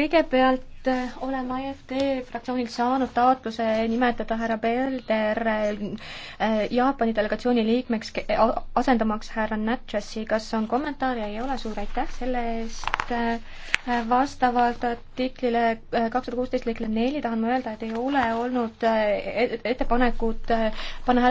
kõigepealt eh, olen ma EFD fraktsioonilt saanud taotluse nimetada härra Belder eh, Jaapani delegatsiooni liikmeks, asendamaks härra Natchessi. kas on kommentaare? ei ole, suur aitäh selle eest. Eh, vastavalt artiklile kakssada kuusteist lõikele neli tahan ma öelda, et ei ole olnud e-, ettepanekut panna hääletusele